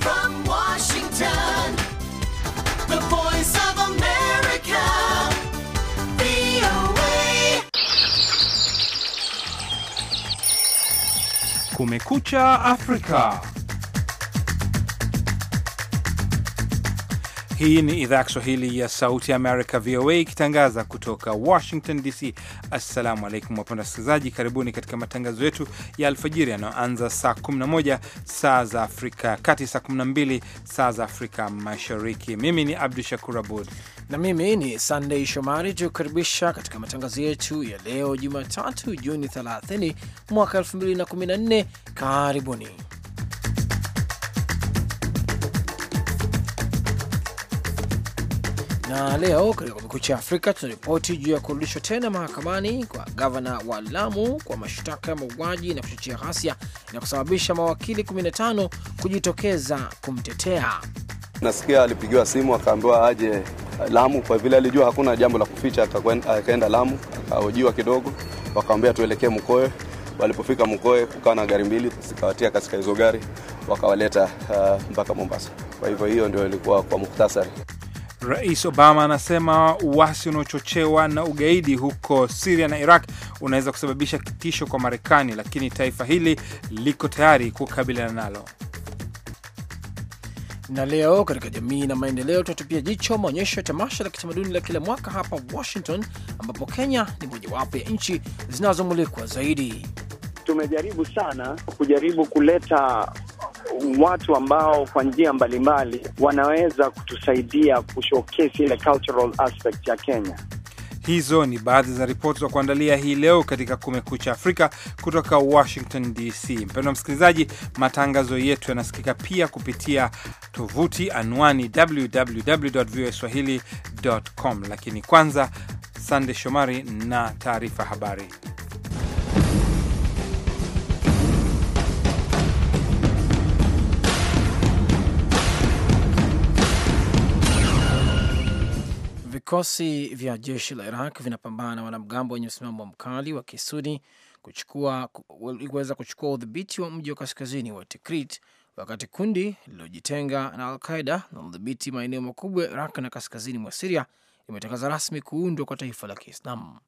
from Washington, the voice of America, VOA. Kumekucha Africa. Hii ni idhaa ya Kiswahili ya Sauti ya Amerika, VOA, ikitangaza kutoka Washington DC. Assalamu alaikum wapenda wasikilizaji, karibuni katika matangazo yetu ya alfajiri yanayoanza saa 11 saa za Afrika ya Kati, saa 12 saa za Afrika Mashariki. Mimi ni Abdu Shakur Abud na mimi ni Sandei Shomari, tukukaribisha katika matangazo yetu ya leo Jumatatu, Juni 30 mwaka 2014. Karibuni. Na leo katika Kumekucha Afrika tunaripoti juu ya kurudishwa tena mahakamani kwa gavana wa Lamu kwa mashtaka ya mauaji na kuchochea ghasia na kusababisha mawakili 15 kujitokeza kumtetea. Nasikia alipigiwa simu akaambiwa aje Lamu kwa vile alijua hakuna jambo la kuficha, akaenda Lamu akahojiwa kidogo, wakaambia tuelekee Mkoe. Walipofika Mkoe kukawa na gari mbili, zikawatia katika hizo gari wakawaleta uh, mpaka Mombasa. Kwa hivyo hiyo ndio ilikuwa kwa muktasari Rais Obama anasema uasi unaochochewa na ugaidi huko Siria na Iraq unaweza kusababisha kitisho kwa Marekani, lakini taifa hili liko tayari kukabiliana nalo. Na leo katika jamii na maendeleo tunatupia jicho maonyesho ya tamasha la kitamaduni la kila mwaka hapa Washington, ambapo Kenya ni mojawapo ya nchi zinazomulikwa zaidi. Tumejaribu sana kujaribu kuleta watu ambao kwa njia mbalimbali wanaweza kutusaidia kushowcase ile cultural aspect ya Kenya. Hizo ni baadhi za ripoti za kuandalia hii leo katika Kumekucha Afrika kutoka Washington DC. Mpendwa msikilizaji, matangazo yetu yanasikika pia kupitia tovuti anwani www voa swahili com, lakini kwanza, Sande Shomari na taarifa habari. Vikosi vya jeshi la Iraq vinapambana na wanamgambo wenye msimamo mkali wa Kisuni kuchukua kuweza kuchukua udhibiti wa mji wa kaskazini wa Tikrit, wakati kundi lililojitenga na Alqaida linalodhibiti maeneo makubwa ya Iraq na kaskazini mwa Siria limetangaza rasmi kuundwa kwa taifa la Kiislamu.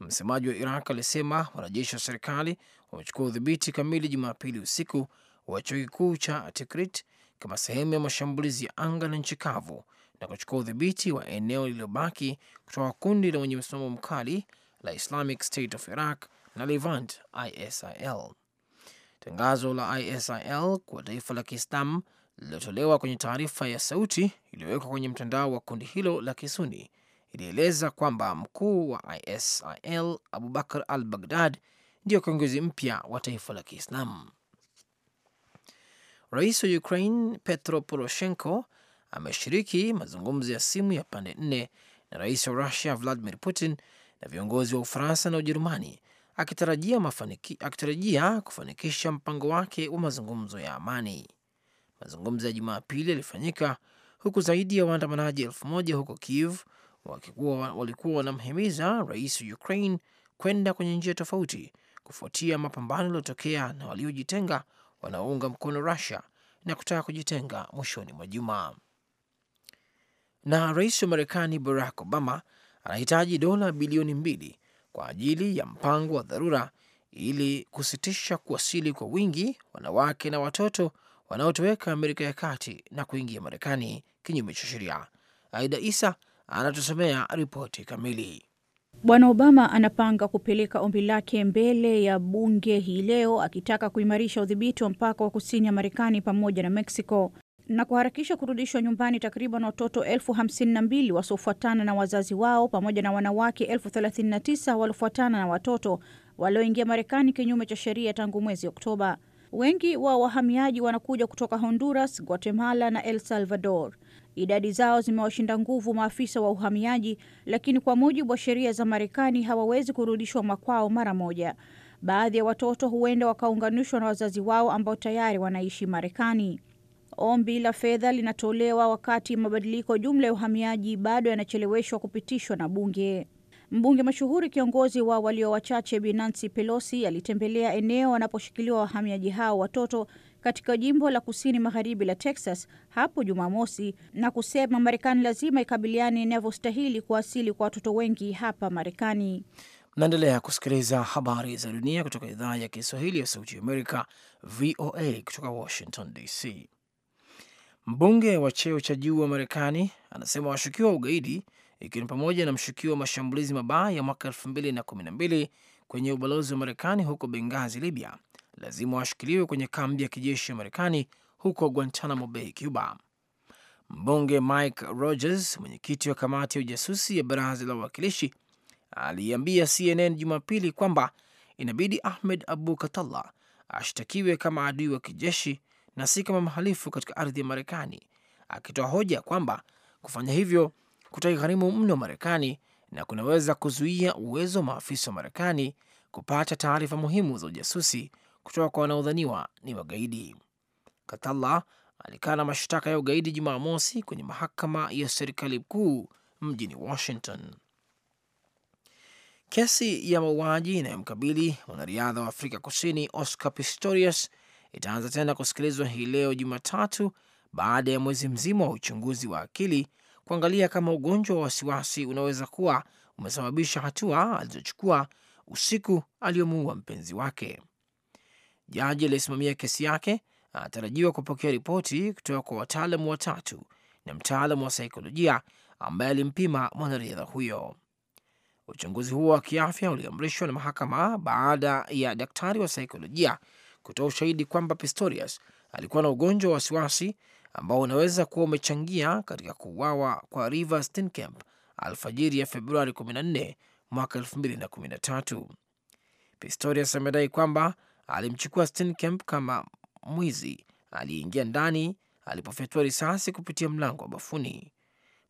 Msemaji wa Iraq alisema wanajeshi wa serikali wamechukua udhibiti kamili Jumapili usiku wa chuo kikuu cha Tikrit kama sehemu ya mashambulizi ya anga na nchi kavu na kuchukua udhibiti wa eneo lililobaki kutoka kundi la wenye msimamo mkali la Islamic State of Iraq na Levant ISIL. Tangazo la ISIL kwa taifa la Kiislamu lililotolewa kwenye taarifa ya sauti iliyowekwa kwenye mtandao wa kundi hilo la Kisuni ilieleza kwamba mkuu wa ISIL Abubakar al Baghdad ndiyo kiongozi mpya wa taifa la Kiislamu. Rais wa Ukraine Petro Poroshenko ameshiriki mazungumzo ya simu ya pande nne na rais wa Rusia Vladimir Putin na viongozi wa Ufaransa na Ujerumani akitarajia, mafaniki, akitarajia kufanikisha mpango wake wa mazungumzo ya amani. Mazungumzo ya Jumapili yalifanyika huku zaidi ya waandamanaji elfu moja huko Kiev wakikuwa, walikuwa wanamhimiza rais wa Ukraine kwenda kwenye njia tofauti kufuatia mapambano yaliyotokea na waliojitenga wanaounga mkono Rusia na kutaka kujitenga mwishoni mwa juma na rais wa Marekani Barack Obama anahitaji dola bilioni mbili kwa ajili ya mpango wa dharura ili kusitisha kuwasili kwa wingi wanawake na watoto wanaotoweka Amerika ya Kati na kuingia Marekani kinyume cha sheria. Aida Isa anatusomea ripoti kamili. Bwana Obama anapanga kupeleka ombi lake mbele ya bunge hii leo akitaka kuimarisha udhibiti wa mpaka wa kusini ya Marekani pamoja na Meksiko na kuharakisha kurudishwa nyumbani takriban watoto elfu hamsini na mbili wasiofuatana na wazazi wao pamoja na wanawake elfu thelathini na tisa waliofuatana na watoto walioingia Marekani kinyume cha sheria tangu mwezi Oktoba. Wengi wa wahamiaji wanakuja kutoka Honduras, Guatemala na el Salvador. Idadi zao zimewashinda nguvu maafisa wa uhamiaji, lakini kwa mujibu wa sheria za Marekani hawawezi kurudishwa makwao mara moja. Baadhi ya watoto huenda wakaunganishwa na wazazi wao ambao tayari wanaishi Marekani. Ombi la fedha linatolewa wakati mabadiliko jumla ya uhamiaji bado yanacheleweshwa kupitishwa na bunge. Mbunge mashuhuri kiongozi wa walio wachache Bi Nancy Pelosi alitembelea eneo wanaposhikiliwa wahamiaji hao watoto katika jimbo la kusini magharibi la Texas hapo Jumamosi na kusema Marekani lazima ikabiliane inavyostahili kuwasili kwa watoto wengi hapa Marekani. Naendelea kusikiliza habari za dunia kutoka idhaa ya Kiswahili ya Sauti ya Amerika, VOA, kutoka Washington DC. Mbunge wa cheo cha juu wa Marekani anasema washukiwa wa ugaidi, ikiwa ni pamoja na mshukiwa wa mashambulizi mabaya ya mwaka elfu mbili na kumi na mbili kwenye ubalozi wa Marekani huko Bengazi, Libya, lazima washikiliwe kwenye kambi ya kijeshi ya Marekani huko Guantanamo Bay, Cuba. Mbunge Mike Rogers, mwenyekiti wa kamati ya ujasusi ya baraza la wawakilishi, aliambia CNN Jumapili kwamba inabidi Ahmed Abu katalla ashtakiwe kama adui wa kijeshi na si kama mhalifu katika ardhi ya Marekani, akitoa hoja kwamba kufanya hivyo kutaigharimu mno Marekani na kunaweza kuzuia uwezo wa maafisa wa Marekani kupata taarifa muhimu za ujasusi kutoka kwa wanaodhaniwa ni magaidi. alikaa alikana mashtaka ya ugaidi Jumamosi kwenye mahakama ya serikali kuu mjini Washington. Kesi ya mauaji inayomkabili mwanariadha wa Afrika Kusini Oscar Pistorius itaanza tena kusikilizwa hii leo Jumatatu baada ya mwezi mzima wa uchunguzi wa akili kuangalia kama ugonjwa wa wasiwasi unaweza kuwa umesababisha hatua alizochukua usiku aliyomuua mpenzi wake. Jaji aliyesimamia kesi yake anatarajiwa kupokea ripoti kutoka kwa wataalamu watatu na mtaalamu wa saikolojia ambaye alimpima mwanariadha huyo. Uchunguzi huo wa kiafya uliamrishwa na mahakama baada ya daktari wa saikolojia kutoa ushahidi kwamba Pistorius alikuwa na ugonjwa wa wasiwasi ambao unaweza kuwa umechangia katika kuuawa kwa Reeva Steenkamp alfajiri ya Februari 14 mwaka 2013. Pistorius amedai kwamba alimchukua Steenkamp kama mwizi aliyeingia ndani alipofyatua risasi kupitia mlango wa bafuni.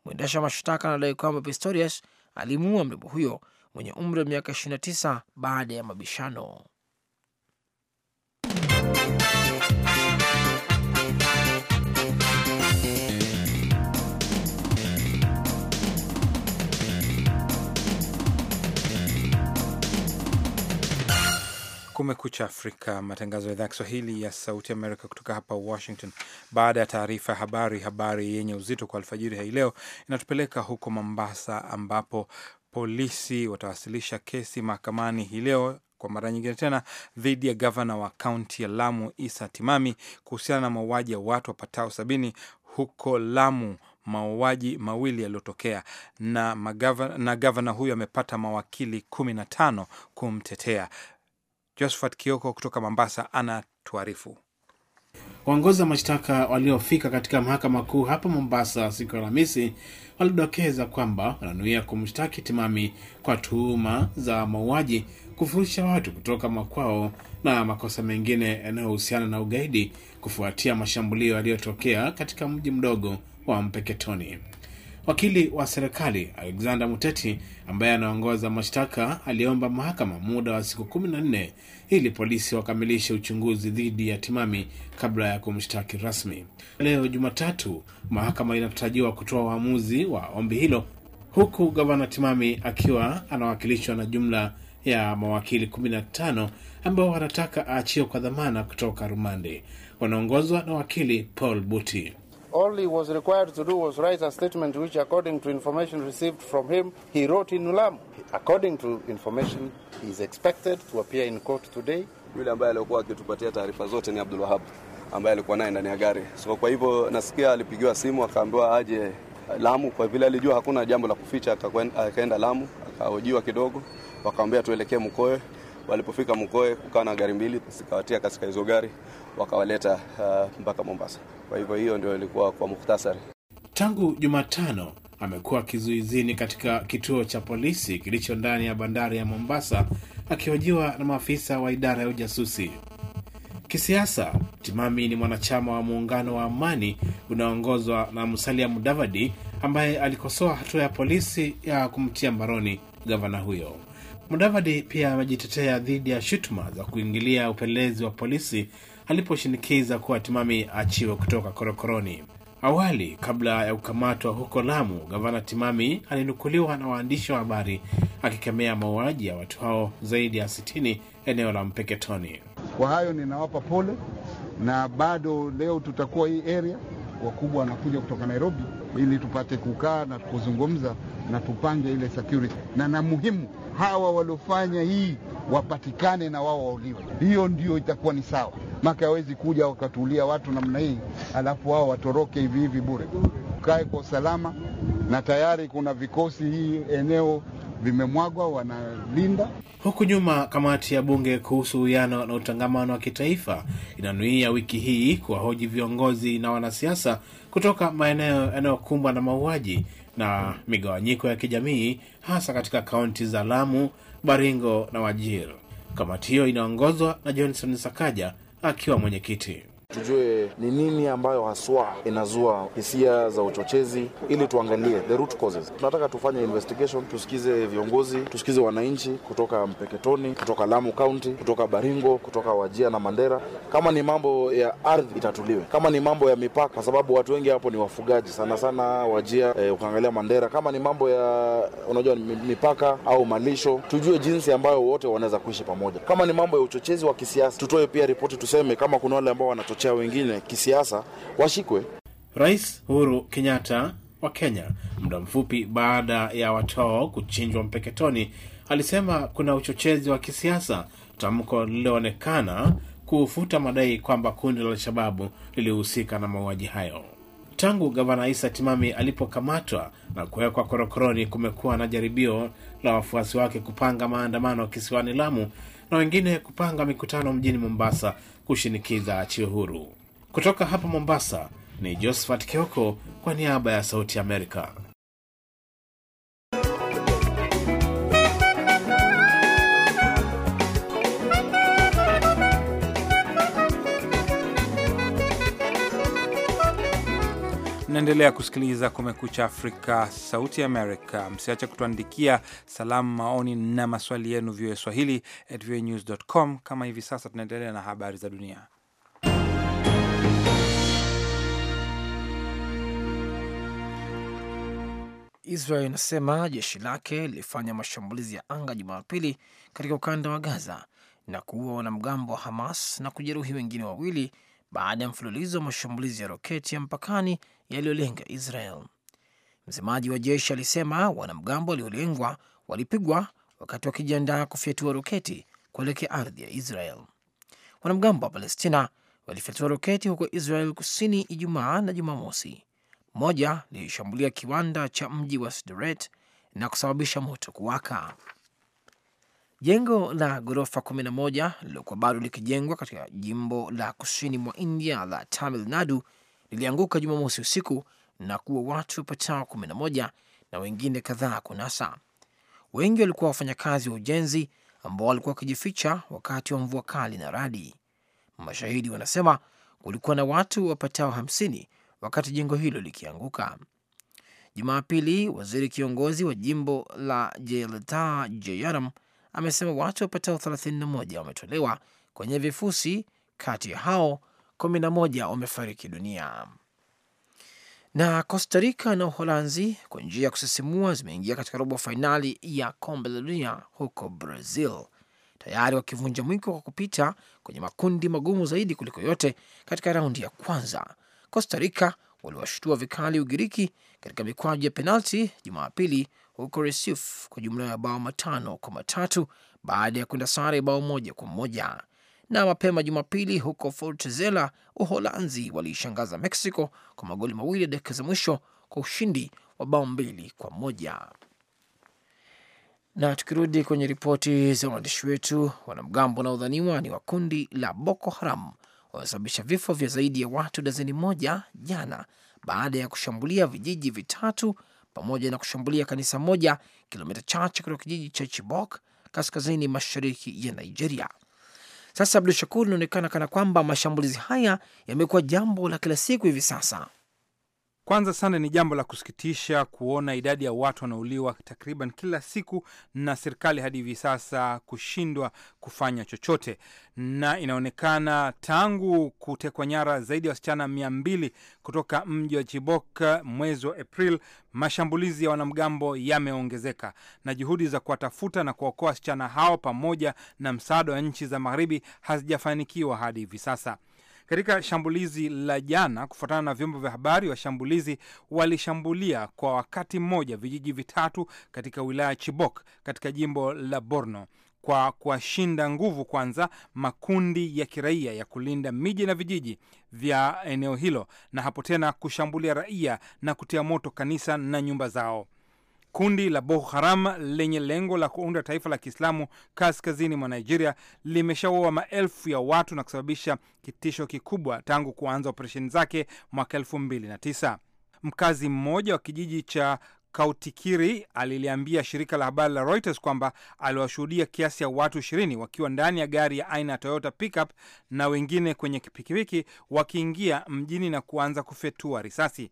Mwendesha mashtaka anadai kwamba Pistorius alimuua mrembo huyo mwenye umri wa miaka 29 baada ya mabishano. Kumekucha Afrika, matangazo ya idhaa ya Kiswahili ya Sauti Amerika kutoka hapa Washington. Baada ya taarifa ya habari, habari yenye uzito kwa alfajiri hii leo inatupeleka huko Mombasa, ambapo polisi watawasilisha kesi mahakamani hii leo kwa mara nyingine tena dhidi ya gavana wa kaunti ya Lamu Isa Timami kuhusiana na mauaji ya watu wapatao sabini huko Lamu, mauaji mawili yaliyotokea na magavana, na gavana huyo amepata mawakili kumi na tano kumtetea. Josephat Kioko kutoka Mombasa anatuarifu. Waongozi wa mashtaka waliofika katika mahakama kuu hapa Mombasa siku ya Alhamisi walidokeza kwamba wananuia kumshtaki Timami kwa tuhuma za mauaji kufurusha watu kutoka makwao na makosa mengine yanayohusiana na ugaidi kufuatia mashambulio yaliyotokea katika mji mdogo wa Mpeketoni. Wakili wa serikali Alexander Muteti ambaye anaongoza mashtaka aliomba mahakama muda wa siku kumi na nne ili polisi wakamilishe uchunguzi dhidi ya Timami kabla ya kumshtaki rasmi. Leo Jumatatu, mahakama inatarajiwa kutoa uamuzi wa ombi hilo, huku gavana Timami akiwa anawakilishwa na jumla ya mawakili 15 ambao wanataka aachiwe kwa dhamana kutoka rumande. Wanaongozwa na wakili Paul Buti. All he was required to do was write a statement which according to information received from him he wrote in According to information he is expected to appear in court today. Yule ambaye alikuwa akitupatia taarifa zote ni Abdul Wahab ambaye alikuwa naye ndani ya gari. So kwa hivyo nasikia alipigiwa simu akaambiwa aje Lamu kwa vile alijua hakuna jambo la kuficha akaenda Lamu akahojiwa kidogo wakawambia tuelekee Mkoe. Walipofika Mkoe kukaa na gari mbili, zikawatia katika hizo gari, wakawaleta uh, mpaka Mombasa. Kwa hivyo hiyo ndio ilikuwa kwa muhtasari. Tangu Jumatano amekuwa kizuizini katika kituo cha polisi kilicho ndani ya bandari ya Mombasa akihojiwa na maafisa wa idara ya ujasusi. Kisiasa, Timami ni mwanachama wa muungano wa amani unaoongozwa na Musalia Mudavadi ambaye alikosoa hatua ya polisi ya kumtia mbaroni gavana huyo. Mudavadi pia amejitetea dhidi ya shutuma za kuingilia upelelezi wa polisi aliposhinikiza kuwa Timami aachiwe kutoka korokoroni. Awali, kabla ya kukamatwa huko Lamu, gavana Timami alinukuliwa na waandishi wa habari akikemea mauaji ya watu hao zaidi ya 60 eneo la Mpeketoni. Kwa hayo ninawapa pole, na bado leo tutakuwa hii area, wakubwa wanakuja kutoka Nairobi ili tupate kukaa na kuzungumza na tupange ile security, na na muhimu hawa waliofanya hii wapatikane na wao wauliwe. Hiyo ndio itakuwa ni sawa, maka hawezi kuja wakatuulia watu namna hii alafu wao watoroke hivi hivi bure. Ukae kwa usalama, na tayari kuna vikosi hii eneo vimemwagwa, wanalinda. Huku nyuma, kamati ya bunge kuhusu uwiano na utangamano wa kitaifa inanuia wiki hii kuwahoji viongozi na wanasiasa kutoka maeneo yanayokumbwa na mauaji na migawanyiko ya kijamii, hasa katika kaunti za Lamu, Baringo na Wajir. Kamati hiyo inaongozwa na Johnson Sakaja akiwa mwenyekiti tujue ni nini ambayo haswa inazua hisia za uchochezi, ili tuangalie the root causes. Tunataka tufanye investigation, tusikize viongozi, tusikize wananchi kutoka Mpeketoni, kutoka Lamu County, kutoka Baringo, kutoka Wajia na Mandera. Kama ni mambo ya ardhi itatuliwe, kama ni mambo ya mipaka, kwa sababu watu wengi hapo ni wafugaji sana sana, Wajia eh, ukaangalia Mandera. Kama ni mambo ya unajua mipaka au malisho, tujue jinsi ambayo wote wanaweza kuishi pamoja. Kama ni mambo ya uchochezi wa kisiasa, tutoe pia ripoti, tuseme kama kuna wale ambao wanachochea cha wengine kisiasa washikwe. Rais Uhuru Kenyatta wa Kenya, muda mfupi baada ya watoo kuchinjwa mpeketoni, alisema kuna uchochezi wa kisiasa, tamko lililoonekana kufuta madai kwamba kundi la Alshababu lilihusika na mauaji hayo. Tangu gavana Isa Timami alipokamatwa na kuwekwa korokoroni, kumekuwa na jaribio la wafuasi wake kupanga maandamano kisiwani Lamu na wengine kupanga mikutano mjini Mombasa kushinikiza achiwe huru. Kutoka hapa Mombasa ni Josephat Kioko kwa niaba ya Sauti Amerika. Mnaendelea kusikiliza Kumekucha Afrika, Sauti ya Amerika. Msiache kutuandikia salamu, maoni na maswali yenu, VOA Swahili at voanews.com. Kama hivi sasa, tunaendelea na habari za dunia. Israel inasema jeshi lake lilifanya mashambulizi ya anga Jumapili katika ukanda wa Gaza na kuua wanamgambo wa Hamas na kujeruhi wengine wawili baada ya mfululizo wa mashambulizi ya roketi ya mpakani yaliyolenga Israel. Msemaji wa jeshi alisema wanamgambo waliolengwa walipigwa wakati wakijiandaa kufyatua roketi kuelekea ardhi ya Israel. Wanamgambo wa Palestina walifyatua roketi huko Israel kusini Ijumaa na Jumamosi. Moja lilishambulia kiwanda cha mji wa Sderot na kusababisha moto kuwaka. Jengo la ghorofa 11 lilokuwa bado likijengwa katika jimbo la kusini mwa India la Tamil Nadu lilianguka Jumamosi usiku na kuwa watu wapatao 11 na wengine kadhaa kunasa. Wengi walikuwa wafanyakazi wa ujenzi ambao walikuwa wakijificha wakati wa mvua kali na radi. Mashahidi wanasema kulikuwa na watu wapatao 50 wakati jengo hilo likianguka Jumapili. Waziri kiongozi wa jimbo la Jayalalitha Jayaram amesema watu wapatao 31 wametolewa kwenye vifusi. Kati ya hao 11 wamefariki dunia. Na Costa Rica na Uholanzi kwa njia ya kusisimua zimeingia katika robo fainali ya kombe la dunia huko Brazil, tayari wakivunja mwiko kwa kupita kwenye makundi magumu zaidi kuliko yote katika raundi ya kwanza. Costa Rica waliwashutua vikali Ugiriki katika mikwaju ya penalti Jumapili huko Resuf kwa jumla ya bao matano kwa matatu baada ya kwenda sare bao moja kwa moja. Na mapema Jumapili huko Fortaleza, Uholanzi waliishangaza Mexico kwa magoli mawili ya dakika za mwisho kwa ushindi wa bao mbili kwa moja. Na tukirudi kwenye ripoti za waandishi wetu, wanamgambo wanaodhaniwa ni wa kundi la Boko Haram wamesababisha vifo vya zaidi ya watu dazeni moja jana baada ya kushambulia vijiji vitatu pamoja na kushambulia kanisa moja kilomita chache kutoka kijiji cha Chibok kaskazini mashariki ya Nigeria. Sasa Abdu Shakur, inaonekana kana kwamba mashambulizi haya yamekuwa jambo la kila siku hivi sasa. Kwanza sana ni jambo la kusikitisha kuona idadi ya watu wanauliwa takriban kila siku na serikali hadi hivi sasa kushindwa kufanya chochote, na inaonekana tangu kutekwa nyara zaidi ya wasichana mia mbili kutoka mji wa Chibok mwezi wa april mashambulizi ya wanamgambo yameongezeka, na juhudi za kuwatafuta na kuwaokoa wasichana hao pamoja na msaada wa nchi za magharibi hazijafanikiwa hadi hivi sasa. Katika shambulizi la jana, kufuatana na vyombo vya habari, washambulizi walishambulia kwa wakati mmoja vijiji vitatu katika wilaya ya Chibok katika jimbo la Borno kwa kuwashinda nguvu kwanza makundi ya kiraia ya kulinda miji na vijiji vya eneo hilo, na hapo tena kushambulia raia na kutia moto kanisa na nyumba zao. Kundi la Boko Haram lenye lengo la kuunda taifa la Kiislamu kaskazini mwa Nigeria limeshaua maelfu ya watu na kusababisha kitisho kikubwa tangu kuanza operesheni zake mwaka elfu mbili na tisa. Mkazi mmoja wa kijiji cha Kautikiri aliliambia shirika la habari la Reuters kwamba aliwashuhudia kiasi ya watu ishirini wakiwa ndani ya gari ya aina ya Toyota pickup na wengine kwenye pikipiki wakiingia mjini na kuanza kufyatua risasi.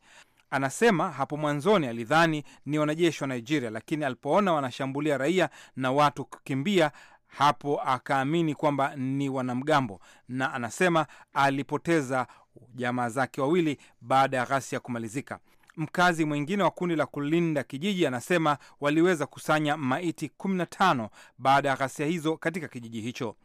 Anasema hapo mwanzoni alidhani ni wanajeshi wa Nigeria, lakini alipoona wanashambulia raia na watu kukimbia hapo akaamini kwamba ni wanamgambo, na anasema alipoteza jamaa zake wawili baada ya ghasia kumalizika. Mkazi mwingine wa kundi la kulinda kijiji anasema waliweza kusanya maiti 15 baada ya ghasia hizo katika kijiji hicho.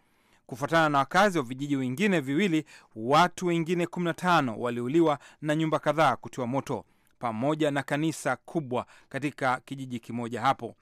Kufuatana na wakazi wa vijiji wengine viwili, watu wengine 15 waliuliwa na nyumba kadhaa kutiwa moto pamoja na kanisa kubwa katika kijiji kimoja hapo.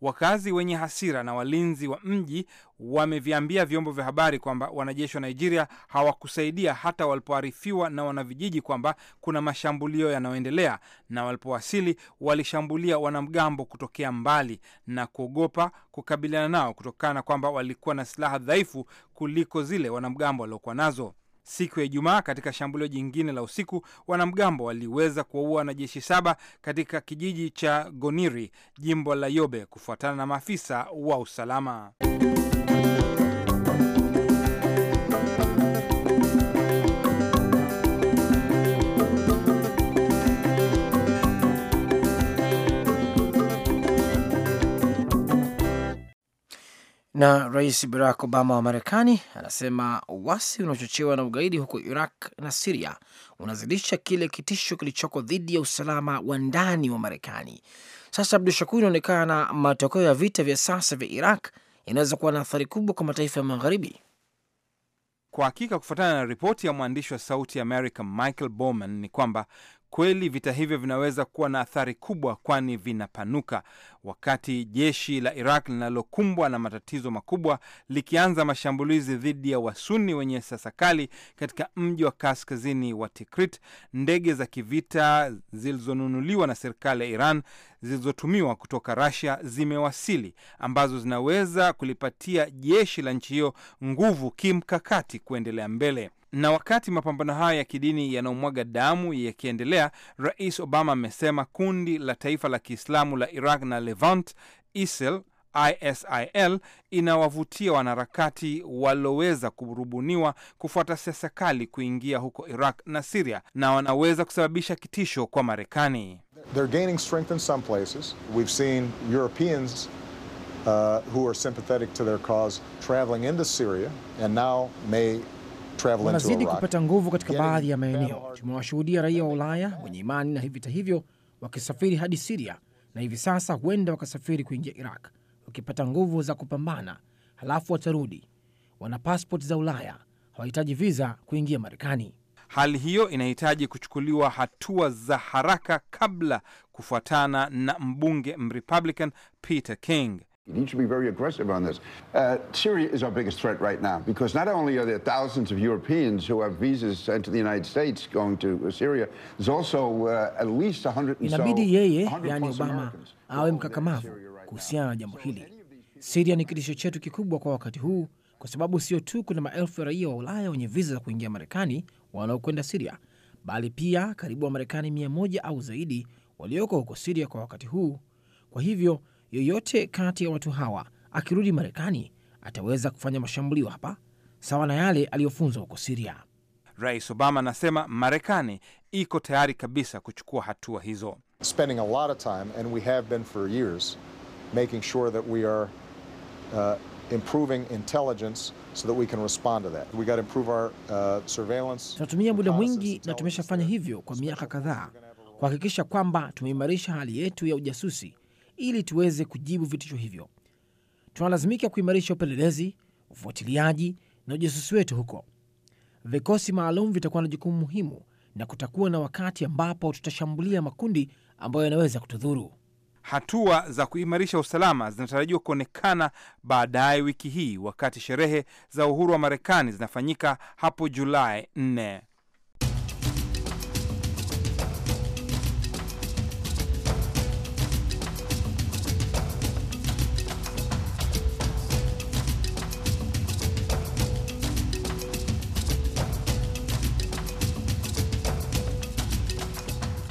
Wakazi wenye hasira na walinzi wa mji wameviambia vyombo vya habari kwamba wanajeshi wa Nigeria hawakusaidia hata walipoarifiwa na wanavijiji kwamba kuna mashambulio yanayoendelea, na walipowasili walishambulia wanamgambo kutokea mbali na kuogopa kukabiliana nao kutokana na kwamba walikuwa na silaha dhaifu kuliko zile wanamgambo waliokuwa nazo. Siku ya Ijumaa, katika shambulio jingine la usiku, wanamgambo waliweza kuwaua wanajeshi saba katika kijiji cha Goniri, jimbo la Yobe, kufuatana na maafisa wa usalama. Na Rais Barack Obama wa Marekani anasema uasi unaochochewa na ugaidi huko Iraq na Siria unazidisha kile kitisho kilichoko dhidi ya usalama wa ndani wa Marekani. Sasa Abdu Shakur, inaonekana matokeo ya vita vya sasa vya Iraq yanaweza kuwa na athari kubwa kwa mataifa ya Magharibi. Kwa hakika, kufuatana na ripoti ya mwandishi wa Sauti ya America Michael Bowman ni kwamba Kweli vita hivyo vinaweza kuwa na athari kubwa, kwani vinapanuka. Wakati jeshi la Iraq linalokumbwa na matatizo makubwa likianza mashambulizi dhidi ya Wasuni wenye siasa kali katika mji wa kaskazini wa Tikrit, ndege za kivita zilizonunuliwa na serikali ya Iran zilizotumiwa kutoka rasia zimewasili, ambazo zinaweza kulipatia jeshi la nchi hiyo nguvu kimkakati kuendelea mbele. Na wakati mapambano hayo ya kidini yanayomwaga damu yakiendelea, Rais Obama amesema kundi la taifa la Kiislamu la Iraq na Levant, ISIL ISIL inawavutia wanaharakati walioweza kurubuniwa kufuata siasa kali kuingia huko Iraq na Siria na wanaweza kusababisha kitisho kwa Marekani. Uh, wanazidi kupata nguvu katika baadhi ya maeneo. Tumewashuhudia raia wa Ulaya wenye imani na vita hivyo wakisafiri hadi Siria na hivi sasa huenda wakasafiri kuingia Iraq wakipata nguvu za kupambana, halafu watarudi. Wana paspoti za Ulaya, hawahitaji viza kuingia Marekani. Hali hiyo inahitaji kuchukuliwa hatua za haraka kabla, kufuatana na mbunge Mrepublican Peter King. He needs to be very aggressive on this. Uh, Syria is our biggest threat right now because not only are there thousands of Europeans who have visas sent to the United States going to Syria, there's also uh, at least 100 and so, 100 yani plus Obama awe mkakamavu kuhusiana na jambo hili. Syria ni kitisho chetu kikubwa kwa wakati huu, kwa sababu sio tu kuna maelfu ya raia wa Ulaya wenye visa za kuingia Marekani wanaokwenda Syria, bali pia karibu wa Marekani 100 au zaidi walioko huko Syria kwa wakati huu. Kwa hivyo Yoyote kati ya watu hawa akirudi Marekani ataweza kufanya mashambulio hapa sawa na yale aliyofunzwa huko Siria. Rais Obama anasema Marekani iko tayari kabisa kuchukua hatua hizo. Uh, Tunatumia muda mwingi na tumeshafanya hivyo kwa miaka kadhaa kuhakikisha kwamba tumeimarisha hali yetu ya ujasusi ili tuweze kujibu vitisho hivyo. Tunalazimika kuimarisha upelelezi, ufuatiliaji na ujasusi wetu huko. Vikosi maalum vitakuwa na jukumu muhimu, na kutakuwa na wakati ambapo tutashambulia makundi ambayo yanaweza kutudhuru. Hatua za kuimarisha usalama zinatarajiwa kuonekana baadaye wiki hii wakati sherehe za uhuru wa Marekani zinafanyika hapo Julai 4.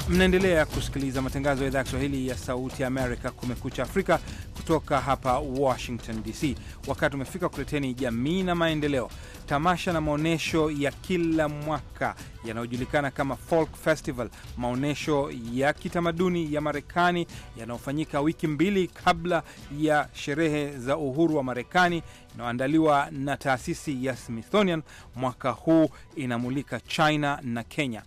Mnaendelea kusikiliza matangazo ya idhaa ya Kiswahili ya Sauti ya Amerika, Kumekucha Afrika, kutoka hapa Washington DC. Wakati umefika kuleteni Jamii na Maendeleo, tamasha na maonyesho ya kila mwaka yanayojulikana kama Folk Festival, maonyesho ya kitamaduni ya Marekani yanayofanyika wiki mbili kabla ya sherehe za uhuru wa Marekani, inayoandaliwa na taasisi ya Smithsonian. Mwaka huu inamulika China na Kenya.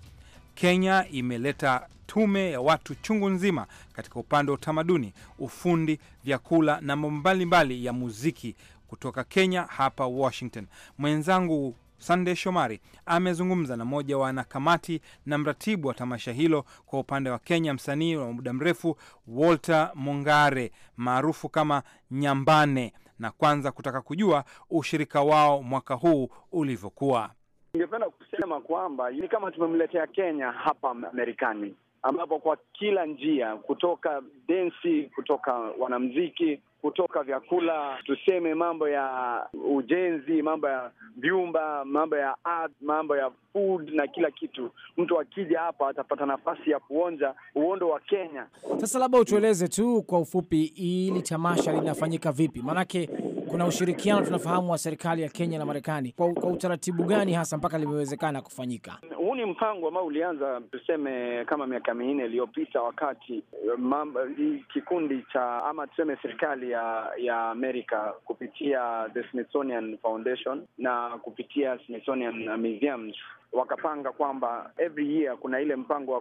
Kenya imeleta tume ya watu chungu nzima katika upande wa utamaduni, ufundi, vyakula na mambo mbalimbali ya muziki kutoka Kenya hapa Washington. Mwenzangu Sandey Shomari amezungumza na mmoja wa wanakamati na mratibu wa tamasha hilo kwa upande wa Kenya, msanii wa muda mrefu Walter Mongare maarufu kama Nyambane, na kwanza kutaka kujua ushirika wao mwaka huu ulivyokuwa. Ningependa sema kwamba ni kama tumemletea Kenya hapa Marekani, ambapo kwa kila njia, kutoka densi, kutoka wanamziki kutoka vyakula, tuseme mambo ya ujenzi, mambo ya vyumba, mambo ya art, mambo ya food na kila kitu. Mtu akija hapa atapata nafasi ya kuonja uondo wa Kenya. Sasa labda utueleze tu kwa ufupi, hili tamasha linafanyika vipi? Maanake kuna ushirikiano tunafahamu wa serikali ya Kenya na Marekani. Kwa, kwa utaratibu gani hasa mpaka limewezekana kufanyika? Huu ni mpango ambao ulianza tuseme kama miaka minne iliyopita, wakati eh, kikundi cha ama tuseme serikali ya ya Amerika kupitia the Smithsonian Foundation na kupitia Smithsonian Museums wakapanga kwamba every year kuna ile mpango wa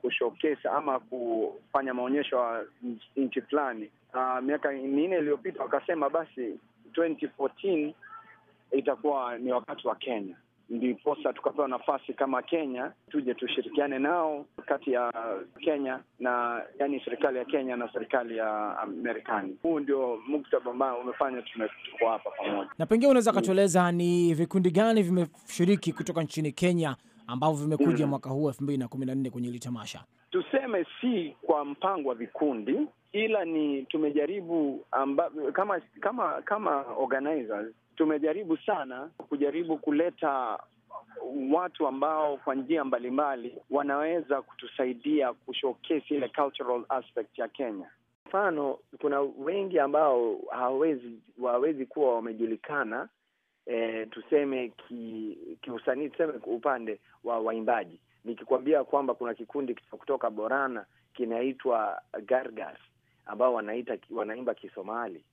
kushowcase ama kufanya maonyesho ya nchi fulani. Uh, miaka minne iliyopita wakasema basi 2014 itakuwa ni wakati wa Kenya ndiposa tukapewa nafasi kama Kenya tuje tushirikiane nao kati ya Kenya na yani serikali ya Kenya na serikali ya Marekani. Huu ndio muktaba ambao umefanya tuko hapa pamoja. Na pengine unaweza katueleza ni vikundi gani vimeshiriki kutoka nchini Kenya ambavyo vimekuja mm, mwaka huu elfu mbili na kumi na nne kwenye hili tamasha? Tuseme si kwa mpango wa vikundi ila ni tumejaribu amba, kama kama kama organizers tumejaribu sana kujaribu kuleta watu ambao kwa njia mbalimbali wanaweza kutusaidia kushowcase ile cultural aspect ya Kenya. Mfano, kuna wengi ambao wawezi hawawezi kuwa wamejulikana e, tuseme ki, kiusanii tuseme upande wa waimbaji. Nikikwambia kwamba kuna kikundi kutoka Borana kinaitwa Gargas ambao wanaita wanaimba Kisomali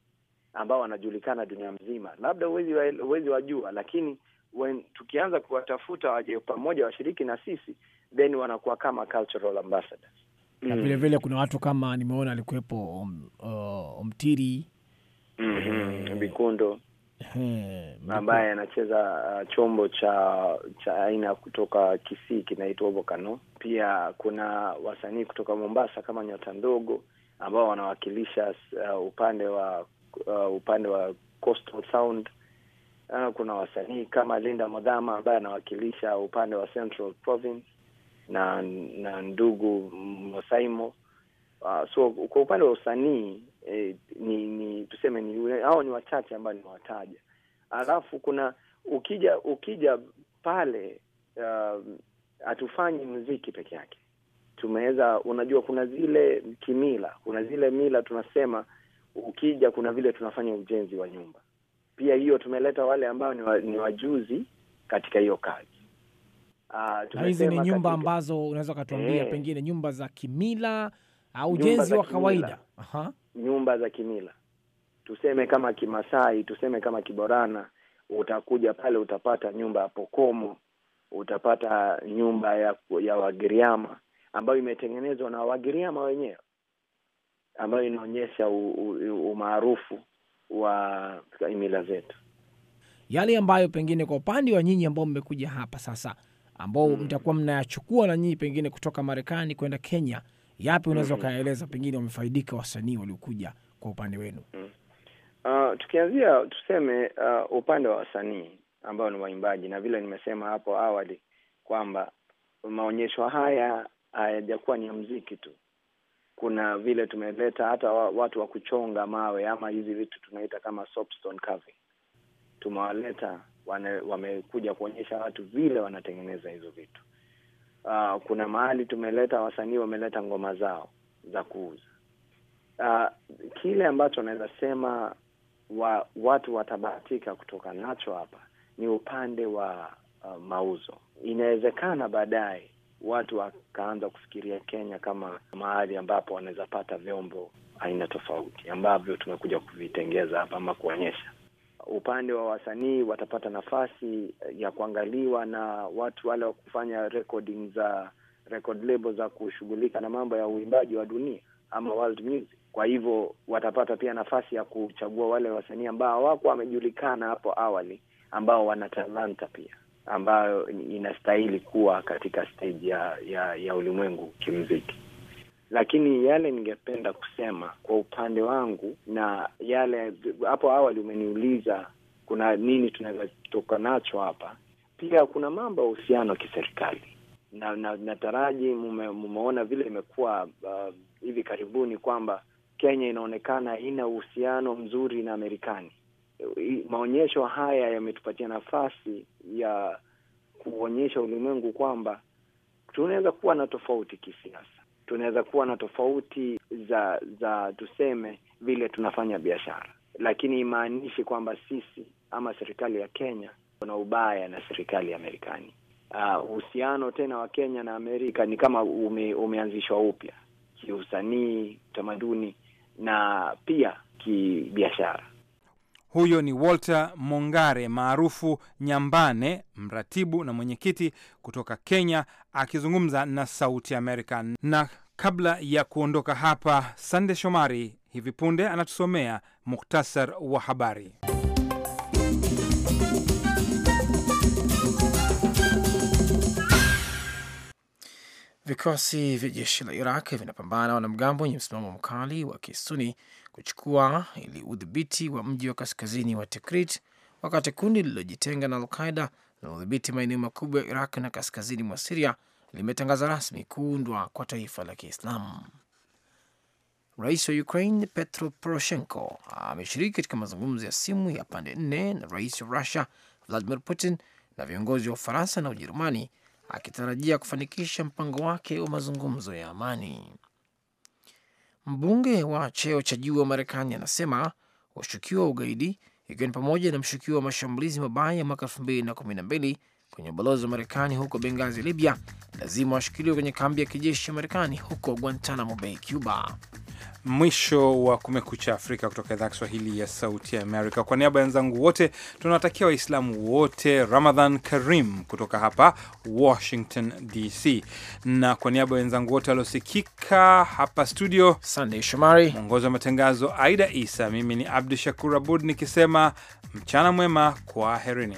ambao wanajulikana dunia mzima, labda huwezi wajua, lakini when, tukianza kuwatafuta waje pamoja washiriki na sisi, then wanakuwa kama cultural ambassadors na mm. Vile kuna watu kama nimeona alikuwepo um, uh, Omtiri mm-hmm. eh, Bikundo mm -hmm. ambaye anacheza uh, chombo cha cha aina kutoka Kisii kinaitwa obokano. Pia kuna wasanii kutoka Mombasa kama Nyota Ndogo ambao wanawakilisha uh, upande wa uh, upande wa Coastal Sound uh, kuna wasanii kama Linda Modhama ambaye anawakilisha upande wa Central Province na na ndugu Mosaimo. Uh, so kwa upande wa usanii eh, ni, ni tuseme ni hao ni wachache ambao nimewataja, alafu kuna ukija ukija pale uh, hatufanyi muziki peke yake tumeweza unajua, kuna zile kimila, kuna zile mila tunasema ukija, kuna vile tunafanya ujenzi wa nyumba pia. Hiyo tumeleta wale ambao ni, wa, ni wajuzi katika hiyo kazi. Uh, hizi ni nyumba katika... ambazo unaweza ukatuambia e, pengine nyumba za kimila au ujenzi wa kawaida aha. Nyumba za kimila tuseme kama Kimasai, tuseme kama Kiborana, utakuja pale utapata nyumba ya Pokomo, utapata nyumba ya, ya Wagiriama ambayo imetengenezwa na Wagiriama wenyewe ambayo inaonyesha umaarufu wa mila zetu, yale ambayo pengine kwa upande wa nyinyi ambao mmekuja hapa sasa, ambao mm. mtakuwa mnayachukua na nyinyi pengine kutoka Marekani kwenda Kenya, yapi unaweza hmm. ukayaeleza pengine wamefaidika wasanii waliokuja kwa upande wenu? mm. Uh, tukianzia tuseme uh, upande wa wasanii ambao ni waimbaji, na vile nimesema hapo awali kwamba maonyesho haya hayajakuwa ni ya mziki tu, kuna vile tumeleta hata watu wa kuchonga mawe ama hizi vitu tunaita kama soapstone carving, tumewaleta wamekuja kuonyesha watu vile wanatengeneza hizo vitu. Uh, kuna mahali tumeleta wasanii wameleta ngoma zao za kuuza. Uh, kile ambacho naweza sema wa, watu watabahatika kutoka nacho hapa ni upande wa uh, mauzo. Inawezekana baadaye watu wakaanza kufikiria Kenya kama mahali ambapo wanaweza pata vyombo aina tofauti ambavyo tumekuja kuvitengeza hapa ama kuonyesha. Upande wa wasanii watapata nafasi ya kuangaliwa na watu wale wa kufanya recording za record label za kushughulika na mambo ya uimbaji wa dunia ama world music. Kwa hivyo watapata pia nafasi ya kuchagua wale wasanii ambao hawako wamejulikana hapo awali ambao wana talanta pia ambayo inastahili kuwa katika stage ya ya, ya ulimwengu kimziki. Lakini yale ningependa kusema kwa upande wangu na yale hapo awali umeniuliza kuna nini tunaweza nacho hapa, pia kuna mambo ya uhusiano wa kiserikali na, na nataraji mume, mumeona vile imekuwa uh, hivi karibuni kwamba Kenya inaonekana haina uhusiano mzuri na Marekani maonyesho haya yametupatia nafasi ya kuonyesha ulimwengu kwamba tunaweza kuwa na tofauti kisiasa, tunaweza kuwa na tofauti za za tuseme vile tunafanya biashara, lakini imaanishi kwamba sisi ama serikali ya Kenya kuna ubaya na serikali ya Marekani. Ah, uhusiano uh, tena wa Kenya na Amerika ni kama ume, umeanzishwa upya kiusanii, utamaduni na pia kibiashara. Huyo ni Walter Mongare maarufu Nyambane, mratibu na mwenyekiti kutoka Kenya, akizungumza na Sauti Amerika. Na kabla ya kuondoka hapa, Sande Shomari hivi punde anatusomea muktasar wa habari. Vikosi vya jeshi la Iraq vinapambana wanamgambo wenye msimamo mkali wa Kisuni kuchukua ili udhibiti wa mji wa kaskazini wa Tikrit, wakati kundi lililojitenga na Alqaida linalodhibiti maeneo makubwa ya Iraq na kaskazini mwa Siria limetangaza rasmi kuundwa kwa taifa la Kiislamu. Rais wa Ukraine Petro Poroshenko ameshiriki katika mazungumzo ya simu ya pande nne na rais wa Russia Vladimir Putin na viongozi wa Ufaransa na Ujerumani akitarajia kufanikisha mpango wake wa mazungumzo ya amani. Mbunge wa cheo cha juu wa Marekani anasema washukiwa wa ugaidi, ikiwa ni pamoja na mshukiwa wa mashambulizi mabaya ya mwaka elfu mbili na kumi na mbili kwenye ubalozi wa Marekani huko Bengazi, Libya, lazima washikiliwe kwenye kambi ya kijeshi ya Marekani huko Guantanamo Bay, Cuba mwisho wa Kumekucha Afrika kutoka idhaa Kiswahili ya Sauti ya Amerika. Kwa niaba ya wenzangu wote tunawatakia Waislamu wote Ramadhan Karim kutoka hapa Washington DC, na kwa niaba ya wenzangu wote waliosikika hapa studio, Sandey Shomari mwongozi wa matangazo, Aida Isa, mimi ni Abdu Shakur Abud nikisema mchana mwema, kwaherini.